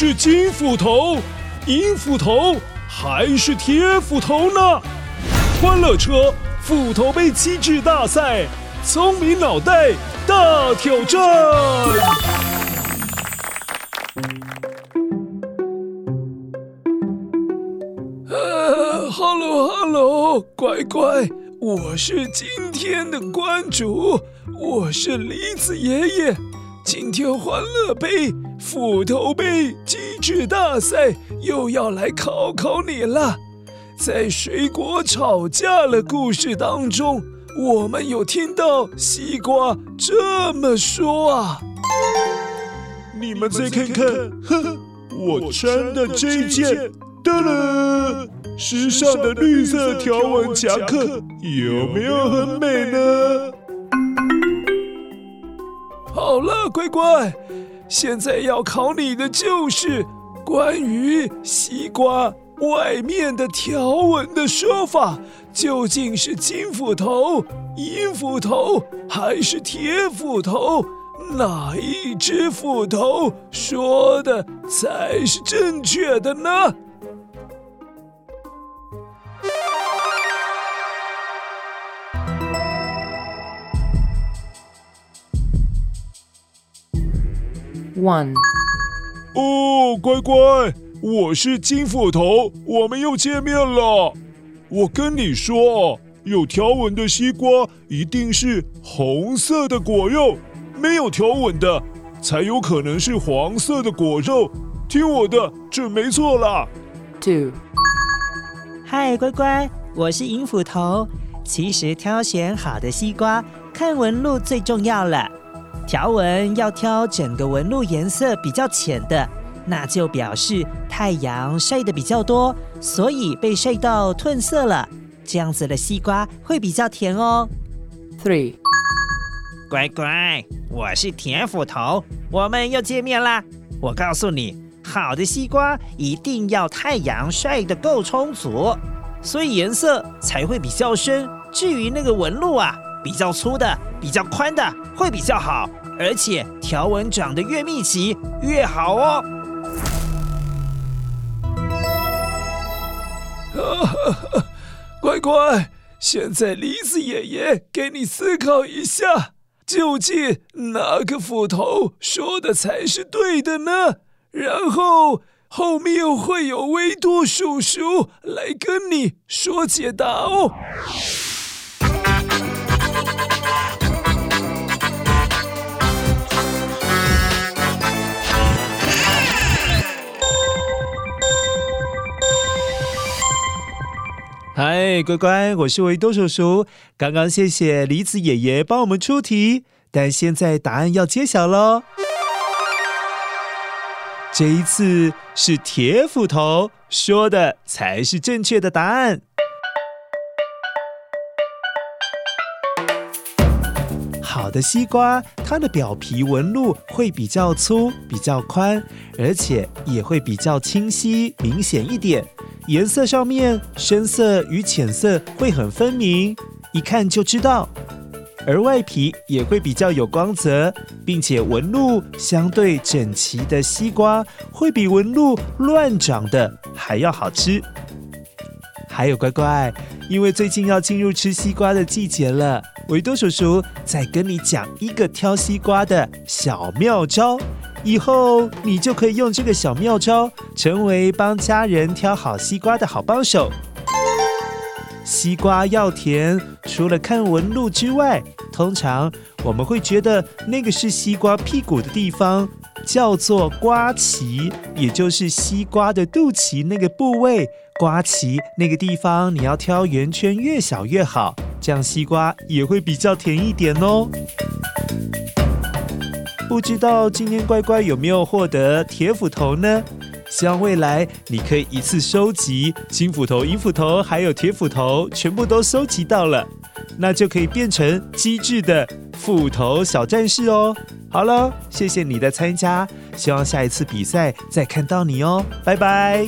是金斧頭、銀斧頭還是鐵斧頭呢？歡樂車斧頭盃機智大賽，聰明腦袋大挑戰。呃、uh，Hello Hello，乖乖，我是今天的關主，我是梨子爺爺。今天歡樂杯、斧頭杯機智大賽又要來考考你了。在水果吵架的故事當中，我們有聽到西瓜這麼說啊。你們再看看，看看呵呵，我穿的這件噔噔，時尚的綠色條紋夾克，紋克有沒有很美呢？好了，乖乖，現在要考你的就是關於西瓜外面的條紋的說法，究竟是金斧頭、銀斧頭還是鐵斧頭，哪一只斧頭說的才是正確的呢？One，哦、oh，乖乖，我是金斧頭，我們又見面了。我跟你說、哦，有條紋的西瓜一定是紅色的果肉，沒有條紋的才有可能是黃色的果肉。聽我的，準沒錯啦。Two，嗨，乖乖，我是銀斧頭。其實挑選好的西瓜，看紋路最重要了。條紋要挑整個紋路顏色比較淺的，那就表示太陽曬得比較多，所以被曬到褪色了。這樣子的西瓜會比較甜哦。Three，乖乖，我是田斧頭，我們又見面啦！我告訴你，好的西瓜一定要太陽曬得夠充足，所以顏色才會比較深。至於那個紋路啊。比較粗的、比較寬的會比較好，而且條紋長得越密集越好哦。啊、乖乖，現在梨子爺爺給你思考一下，究竟哪個斧頭說的才是對的呢？然後後面會有維多叔叔來跟你說解答哦。嗨，乖乖，我是維多叔叔。剛剛謝謝梨子爺爺幫我們出題，但現在答案要揭曉咯。這一次是鐵斧頭說的才是正確的答案。好的西瓜，它的表皮紋路會比較粗、比較寬，而且也會比較清晰、明顯一點。顏色上面深色與淺色會很分明，一看就知道；而外皮也會比較有光澤，並且紋路相對整齊的西瓜，會比紋路亂長的還要好吃。還有乖乖，因為最近要進入吃西瓜的季節了，維多叔叔再跟你講一個挑西瓜的小妙招。以後你就可以用這個小妙招，成為幫家人挑好西瓜的好幫手。西瓜要甜，除了看紋路之外，通常我們會覺得那個是西瓜屁股的地方，叫做瓜臍，也就是西瓜的肚臍那個部位。瓜臍那個地方，你要挑圓圈越小越好，這樣西瓜也會比較甜一點哦。不知道今天乖乖有沒有獲得鐵斧頭呢？希望未來你可以一次收集金斧頭、銀斧頭，還有鐵斧頭，全部都收集到了，那就可以變成機智的斧頭小戰士哦。好了，謝謝你的參加，希望下一次比賽再看到你哦，拜拜。